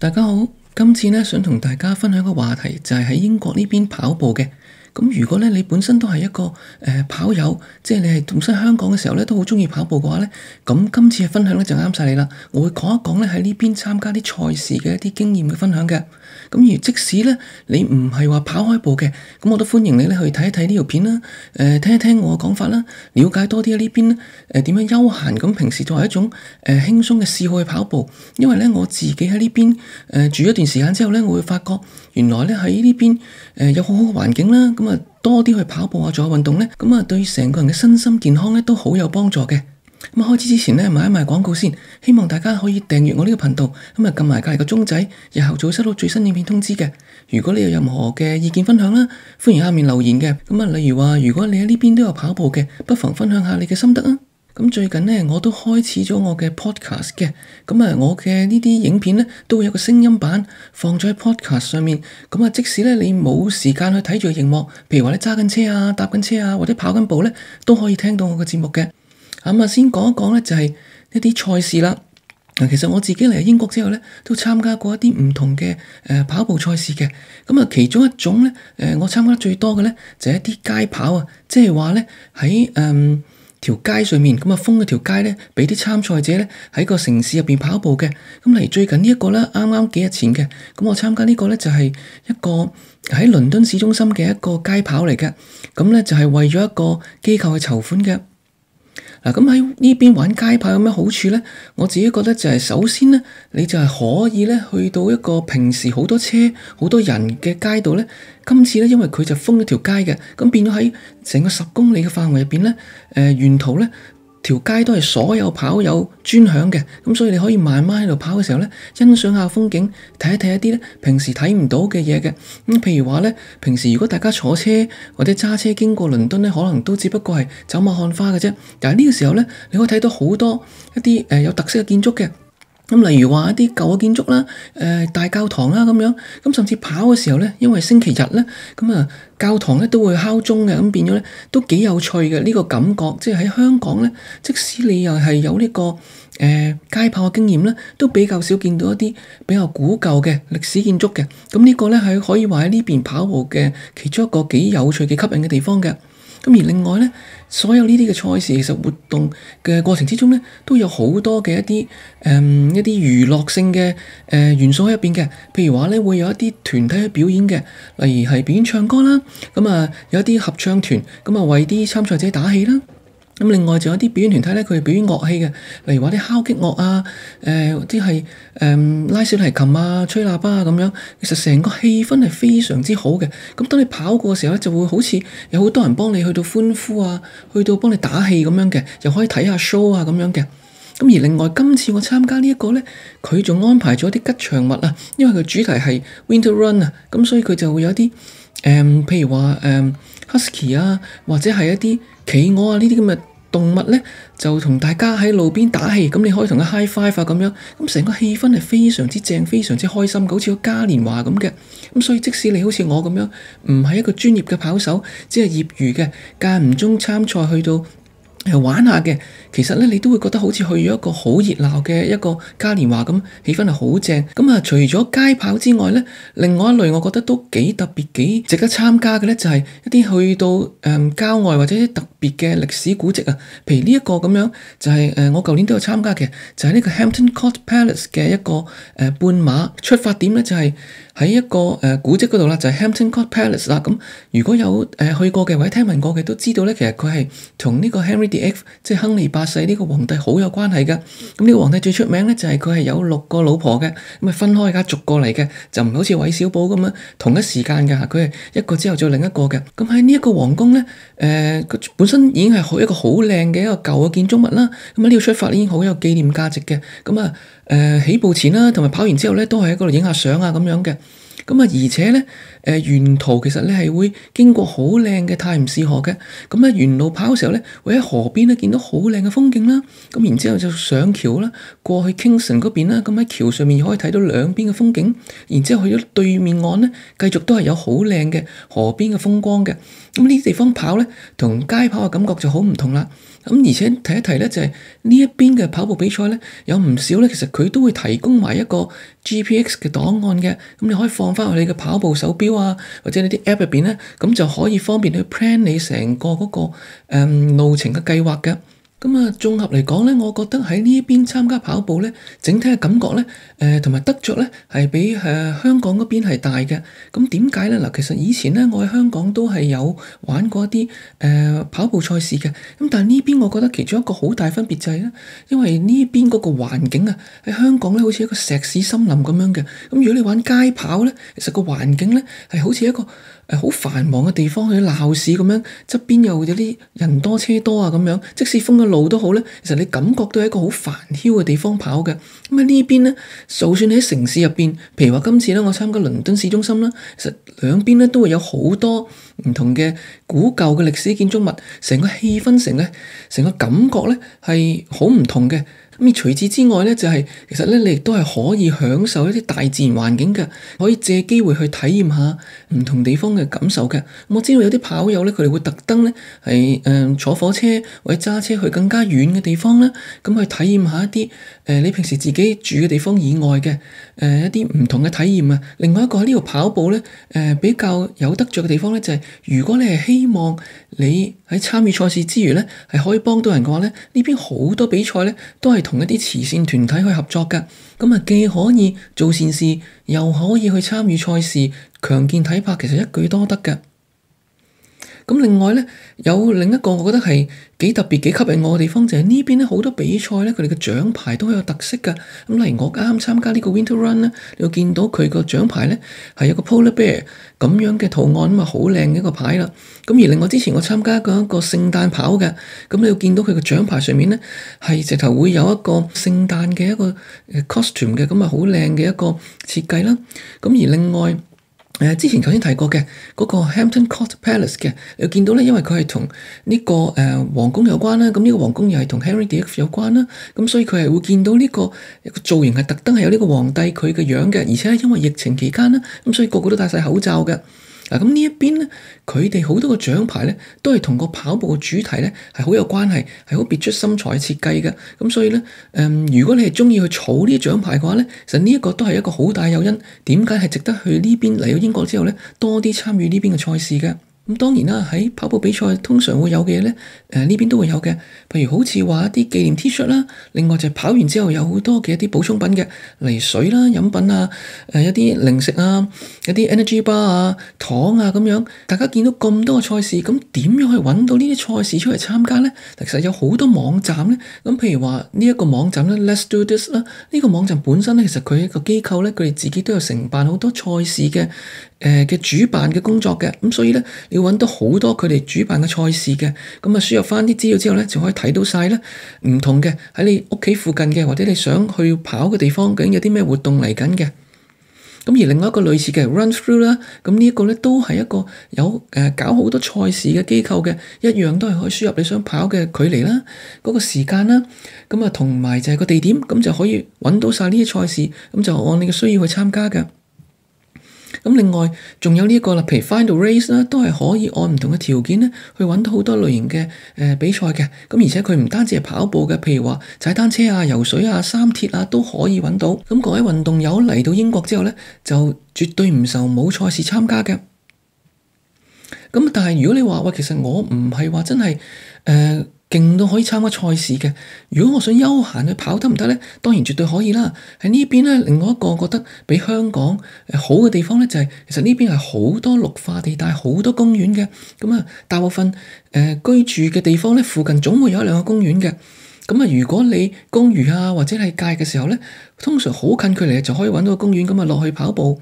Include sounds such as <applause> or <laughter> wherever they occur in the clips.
大家好，今次咧想同大家分享個話題就係、是、喺英國呢邊跑步嘅，咁如果咧你本身都係一個誒、呃、跑友，即係你係本身香港嘅時候咧都好中意跑步嘅話咧，咁今次嘅分享咧就啱晒你啦，我會講一講咧喺呢邊參加啲賽事嘅一啲經驗嘅分享嘅。即使你唔係話跑開步嘅，咁我都歡迎你去睇一睇呢條片啦，誒、呃，聽一聽我嘅講法啦，了解多啲喺呢邊咧，誒、呃，點樣休閒咁平時作為一種誒、呃、輕鬆嘅嗜好去跑步，因為咧我自己喺呢邊誒、呃、住一段時間之後呢，我會發覺原來咧喺呢邊誒、呃、有好好嘅環境啦，咁啊多啲去跑步啊做下運動咧，咁啊對成個人嘅身心健康咧都好有幫助嘅。咁開始之前咧，買一買廣告先，希望大家可以訂閱我呢個頻道，咁啊，撳埋隔籬個鐘仔，日後就會收到最新影片通知嘅。如果你有任何嘅意見分享啦，歡迎下面留言嘅。咁啊，例如話，如果你喺呢邊都有跑步嘅，不妨分享下你嘅心得啊。咁最近呢，我都開始咗我嘅 podcast 嘅。咁啊，我嘅呢啲影片呢，都會有個聲音版放咗喺 podcast 上面。咁啊，即使咧你冇時間去睇住個熒幕，譬如話你揸緊車啊、搭緊車啊或者跑緊步呢，都可以聽到我嘅節目嘅。咁啊，先講一講咧，就係一啲賽事啦。嗱，其實我自己嚟英國之後咧，都參加過一啲唔同嘅誒跑步賽事嘅。咁啊，其中一種咧，誒我參加得最多嘅咧，就係一啲街跑啊，即係話咧喺誒條街上面，咁啊封咗條街咧，俾啲參賽者咧喺個城市入邊跑步嘅。咁嚟最近呢、這、一個啦，啱啱幾日前嘅，咁我參加呢個咧就係一個喺倫敦市中心嘅一個街跑嚟嘅。咁、嗯、咧就係、是、為咗一個機構去籌款嘅。嗱，咁喺呢邊玩街跑有咩好處咧？我自己覺得就係首先咧，你就係可以咧去到一個平時好多車、好多人嘅街道咧。今次咧，因為佢就封咗條街嘅，咁變咗喺成個十公里嘅範圍入邊咧，誒、呃、沿途咧。條街都係所有跑友專享嘅，咁所以你可以慢慢喺度跑嘅時候咧，欣賞下風景，睇一睇一啲咧平時睇唔到嘅嘢嘅。咁、嗯、譬如話咧，平時如果大家坐車或者揸車經過倫敦咧，可能都只不過係走馬看花嘅啫。但係呢個時候咧，你可以睇到好多一啲誒、呃、有特色嘅建築嘅。例如話一啲舊嘅建築啦，誒、呃、大教堂啦咁樣，咁甚至跑嘅時候咧，因為星期日咧，咁啊教堂咧都會敲鐘嘅，咁變咗咧都幾有趣嘅呢、這個感覺。即係喺香港咧，即使你又係有呢、這個誒、呃、街跑嘅經驗咧，都比較少見到一啲比較古舊嘅歷史建築嘅。咁、嗯這個、呢個咧係可以話喺呢邊跑步嘅其中一個幾有趣、幾吸引嘅地方嘅。咁而另外咧，所有呢啲嘅賽事其實活動嘅過程之中咧，都有好多嘅一啲誒、嗯、一啲娛樂性嘅誒、呃、元素喺入邊嘅，譬如話咧會有一啲團體去表演嘅，例如係表演唱歌啦，咁啊有一啲合唱團咁啊為啲參賽者打氣啦。咁另外仲有啲表演團體咧，佢係表演樂器嘅，例如話啲敲擊樂啊，或者係誒拉小提琴啊、吹喇叭啊咁樣。其實成個氣氛係非常之好嘅。咁當你跑過嘅時候咧，就會好似有好多人幫你去到歡呼啊，去到幫你打氣咁樣嘅，又可以睇下 show 啊咁樣嘅。咁而另外今次我參加呢一個咧，佢仲安排咗啲吉祥物啊，因為佢主題係 Winter Run 啊，咁所以佢就會有啲誒、呃，譬如話誒。呃 Husky 啊，或者係一啲企鵝啊呢啲咁嘅動物咧，就同大家喺路邊打氣，咁你可以同佢 high five 咁樣，咁成個氣氛係非常之正，非常之開心，好似個嘉年華咁嘅。咁所以即使你好似我咁樣，唔係一個專業嘅跑手，只係業餘嘅，間唔中參賽去到。係玩下嘅，其實咧你都會覺得好似去咗一個好熱鬧嘅一個嘉年華咁，氣氛係好正。咁、嗯、啊，除咗街跑之外咧，另外一類我覺得都幾特別、幾值得參加嘅咧，就係、是、一啲去到誒、嗯、郊外或者一啲特別嘅歷史古蹟啊。譬如呢一個咁樣，就係、是、誒、呃、我舊年都有參加嘅，就係、是、呢個 Hampton Court Palace 嘅一個誒、呃、半馬出發點咧，就係、是、喺一個誒、呃、古蹟嗰度啦，就係、是、Hampton Court Palace 啦。咁、嗯、如果有誒、呃、去過嘅或者聽聞過嘅都知道咧，其實佢係同呢個即係亨利八世呢個皇帝好有關係噶，咁呢個皇帝最出名咧就係佢係有六個老婆嘅，咁啊分開家逐過嚟嘅，就唔好似韋小寶咁樣同一時間噶，佢係一個之後做另一個嘅。咁喺呢一個皇宮咧，誒、呃，本身已經係好一個好靚嘅一個舊嘅建築物啦。咁啊呢個出發已經好有紀念價值嘅。咁啊誒、呃、起步前啦、啊，同埋跑完之後咧，都係喺嗰度影下相啊咁樣嘅。咁啊，而且咧，誒、呃、沿途其實你係會經過好靚嘅泰晤士河嘅，咁、嗯、咧沿路跑嘅時候咧，會喺河邊咧見到好靚嘅風景啦，咁、嗯、然之後就上橋啦，過去 Kingston 嗰邊啦，咁喺橋上面可以睇到兩邊嘅風景，然之後去咗對面岸咧，繼續都係有好靚嘅河邊嘅風光嘅。咁呢啲地方跑咧，同街跑嘅感覺就好唔同啦。咁而且提一提咧，就係呢一邊嘅跑步比賽咧，有唔少咧，其實佢都會提供埋一個 GPX 嘅檔案嘅。咁、嗯、你可以放翻去你嘅跑步手錶啊，或者你啲 app 入邊咧，咁就可以方便去 plan 你成個嗰、嗰個誒、嗯、路程嘅計劃嘅。咁啊，綜合嚟講咧，我覺得喺呢邊參加跑步咧，整體嘅感覺咧，誒同埋得着咧，係比誒香港嗰邊係大嘅。咁點解咧？嗱，其實以前咧，我喺香港都係有玩過一啲誒跑步賽事嘅。咁但係呢邊，我覺得其中一個好大分別就係咧，因為呢邊嗰個環境啊，喺香港咧好似一個石屎森林咁樣嘅。咁如果你玩街跑咧，其實個環境咧係好似一個誒好繁忙嘅地方，好似鬧市咁樣，側邊又有啲人多車多啊咁樣，即使風嘅。路都好咧，其實你感覺都係一個好煩囂嘅地方跑嘅。咁啊呢邊咧，就算你喺城市入邊，譬如話今次咧，我參加倫敦市中心啦，其實兩邊咧都會有好多唔同嘅古舊嘅歷史建築物，成個氣氛，成個成個感覺咧係好唔同嘅。咁除此之外咧，就係其實咧，你亦都係可以享受一啲大自然環境嘅，可以借機會去體驗下唔同地方嘅感受嘅。我知道有啲跑友咧，佢哋會特登咧係誒坐火車或者揸車去更加遠嘅地方咧，咁去體驗下一啲誒你平時自己住嘅地方以外嘅誒一啲唔同嘅體驗啊。另外一個喺呢度跑步咧，誒比較有得着嘅地方咧，就係如果你係希望你喺參與賽事之餘咧，係可以幫到人嘅話咧，呢邊好多比賽咧都係同一啲慈善團體去合作㗎，咁啊既可以做善事，又可以去參與賽事，強健體魄，其實一舉多得㗎。咁另外咧，有另一個，我覺得係幾特別、幾吸引我嘅地方，就係、是、呢邊咧好多比賽咧，佢哋嘅獎牌都係有特色㗎。咁例如我啱參加呢個 Winter Run 咧，你會見到佢個獎牌咧係有個 Polar Bear 咁樣嘅圖案，咁啊好靚嘅一個牌啦。咁而另外之前我參加過一個聖誕跑嘅，咁你會見到佢個獎牌上面咧係直頭會有一個聖誕嘅一個 costume 嘅，咁啊好靚嘅一個設計啦。咁而另外。誒之前頭先提過嘅嗰、那個 Hampton Court Palace 嘅，你見到咧，因為佢係同呢個誒、呃、皇宮有關啦，咁呢個皇宮又係同 Henry VIII 有關啦，咁所以佢係會見到呢、這個、個造型係特登係有呢個皇帝佢嘅樣嘅，而且因為疫情期間啦，咁所以個個都戴晒口罩嘅。嗱，咁呢一邊咧，佢哋好多個獎牌咧，都係同個跑步嘅主題咧，係好有關係，係好別出心裁設計嘅。咁所以呢，呃，如果你係鍾意去儲啲獎牌嘅話呢，其實呢一個都係一個好大誘因。點解係值得去呢邊，嚟到英國之後呢，多啲參與呢邊嘅賽事嘅？咁當然啦，喺跑步比賽通常會有嘅嘢呢，誒呢邊都會有嘅。譬如好似話一啲紀念 T 恤啦，另外就係跑完之後有好多嘅一啲補充品嘅，例如水啦、啊、飲品啊，誒一啲零食啊，一啲 energy bar 啊、糖啊咁樣。大家見到咁多個賽事，咁點樣去揾到呢啲賽事出嚟參加呢？其實有好多網站呢。咁譬如話呢一個網站呢 <music> Let's Do This 啦，呢個網站本身呢，其實佢一個機構呢，佢哋自己都有承辦好多賽事嘅。誒嘅主辦嘅工作嘅，咁所以咧你要揾到好多佢哋主辦嘅賽事嘅，咁啊輸入翻啲資料之後咧，就可以睇到晒啦。唔同嘅喺你屋企附近嘅或者你想去跑嘅地方，究竟有啲咩活動嚟緊嘅？咁而另外一個類似嘅 Run through 啦，咁呢一個咧都係一個有誒、呃、搞好多賽事嘅機構嘅，一樣都係可以輸入你想跑嘅距離啦、嗰、那個時間啦，咁啊同埋就係個地點，咁就可以揾到晒呢啲賽事，咁就按你嘅需要去參加㗎。咁另外仲有呢、這、一個啦，譬如 Find a Race 啦，都係可以按唔同嘅條件咧，去揾到好多類型嘅誒、呃、比賽嘅。咁而且佢唔單止係跑步嘅，譬如話踩單車啊、游水啊、三鐵啊，都可以揾到。咁各位運動友嚟到英國之後咧，就絕對唔愁冇賽事參加嘅。咁但係如果你話喂、呃，其實我唔係話真係誒。呃勁到可以參加賽事嘅。如果我想休閒去跑得唔得咧？當然絕對可以啦。喺呢邊咧，另外一個覺得比香港誒好嘅地方咧，就係、是、其實呢邊係好多綠化地帶，好多公園嘅。咁、嗯、啊，大部分誒、呃、居住嘅地方咧，附近總會有一兩個公園嘅。咁、嗯、啊，如果你公餘啊或者係街嘅時候咧，通常好近距離就可以揾到個公園咁啊落去跑步。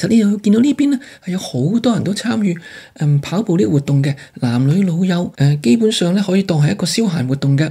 其實你又會見到呢邊咧，係有好多人都參與誒、嗯、跑步呢個活動嘅，男女老幼誒、呃，基本上咧可以當係一個消閒活動嘅，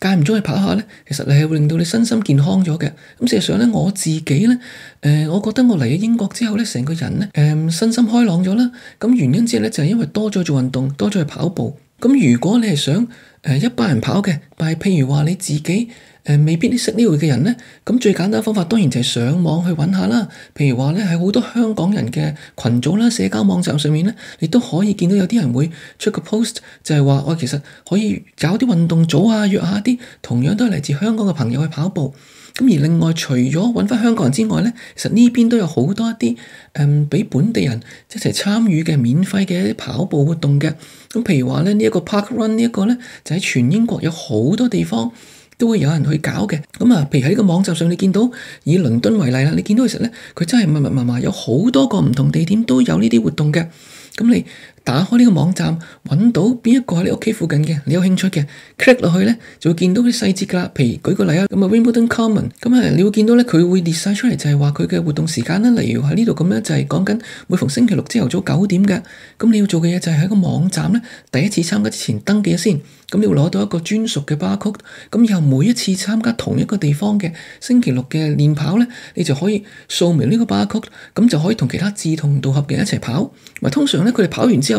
間唔中去跑下咧，其實你係會令到你身心健康咗嘅。咁事實上咧，我自己咧誒、呃，我覺得我嚟咗英國之後咧，成個人咧誒、呃，身心開朗咗啦。咁原因之後咧就係、是、因為多咗去做運動，多咗去跑步。咁如果你係想誒一班人跑嘅，但係譬如話你自己誒未必你識呢類嘅人咧，咁最簡單方法當然就係上網去揾下啦。譬如話咧，喺好多香港人嘅群組啦、社交網站上面咧，你都可以見到有啲人會出個 post，就係話我其實可以搞啲運動組啊，約下啲同樣都係嚟自香港嘅朋友去跑步。咁而另外除咗揾返香港人之外咧，其實呢邊都有好多一啲誒，畀、嗯、本地人一齊參與嘅免費嘅一啲跑步活動嘅。咁譬如話咧，呢、這、一個 Park Run 個呢一個咧，就喺全英國有好多地方都會有人去搞嘅。咁啊，譬如喺個網站上你見到以倫敦為例啦，你見到其實咧佢真係密密麻麻有好多個唔同地點都有呢啲活動嘅。咁你。打開呢個網站，揾到邊一個喺你屋企附近嘅，你有興趣嘅，click 落去呢，就會見到啲細節㗎啦。譬如舉個例啊，咁啊，Wimbledon Common，咁啊，你會見到呢，佢會列晒出嚟，就係話佢嘅活動時間啦。例如喺呢度咁咧，就係講緊每逢星期六朝頭早九點嘅。咁你要做嘅嘢就係喺個網站呢第一次參加之前登記先。咁你要攞到一個專屬嘅 barcode。咁以後每一次參加同一個地方嘅星期六嘅練跑呢，你就可以掃描呢個 barcode，咁就可以同其他志同道合嘅一齊跑。通常呢，佢哋跑完之後。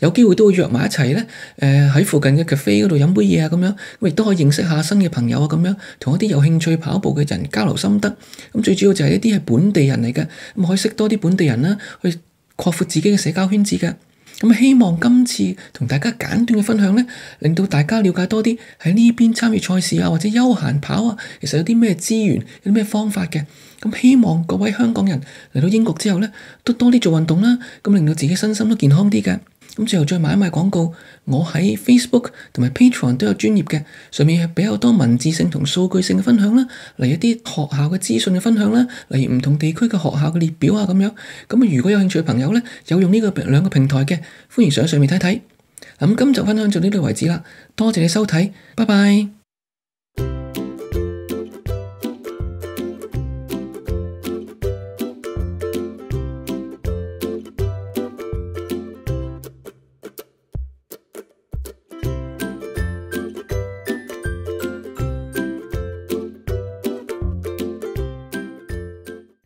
有機會都會約埋一齊呢，誒喺附近嘅 cafe 嗰度飲杯嘢啊，咁樣咁亦都可以認識下新嘅朋友啊，咁樣同一啲有興趣跑步嘅人交流心得，咁最主要就係一啲係本地人嚟嘅，咁可以識多啲本地人啦，去擴闊自己嘅社交圈子嘅。 <music> <music> <music> <music> 咁希望今次同大家簡短嘅分享呢，令到大家了解多啲喺呢邊參與賽事啊，或者休閒跑啊，其實有啲咩資源，有啲咩方法嘅。咁希望各位香港人嚟到英國之後呢，都多啲做運動啦，咁令到自己身心都健康啲嘅。咁最後再買一買廣告，我喺 Facebook 同埋 Patreon 都有專頁嘅，上面係比較多文字性同數據性嘅分享啦，例如一啲學校嘅資訊嘅分享啦，例如唔同地區嘅學校嘅列表啊咁樣。咁如果有興趣嘅朋友咧，有用呢個兩個平台嘅，歡迎上上面睇睇。咁今集分享就到呢度為止啦，多謝你收睇，拜拜。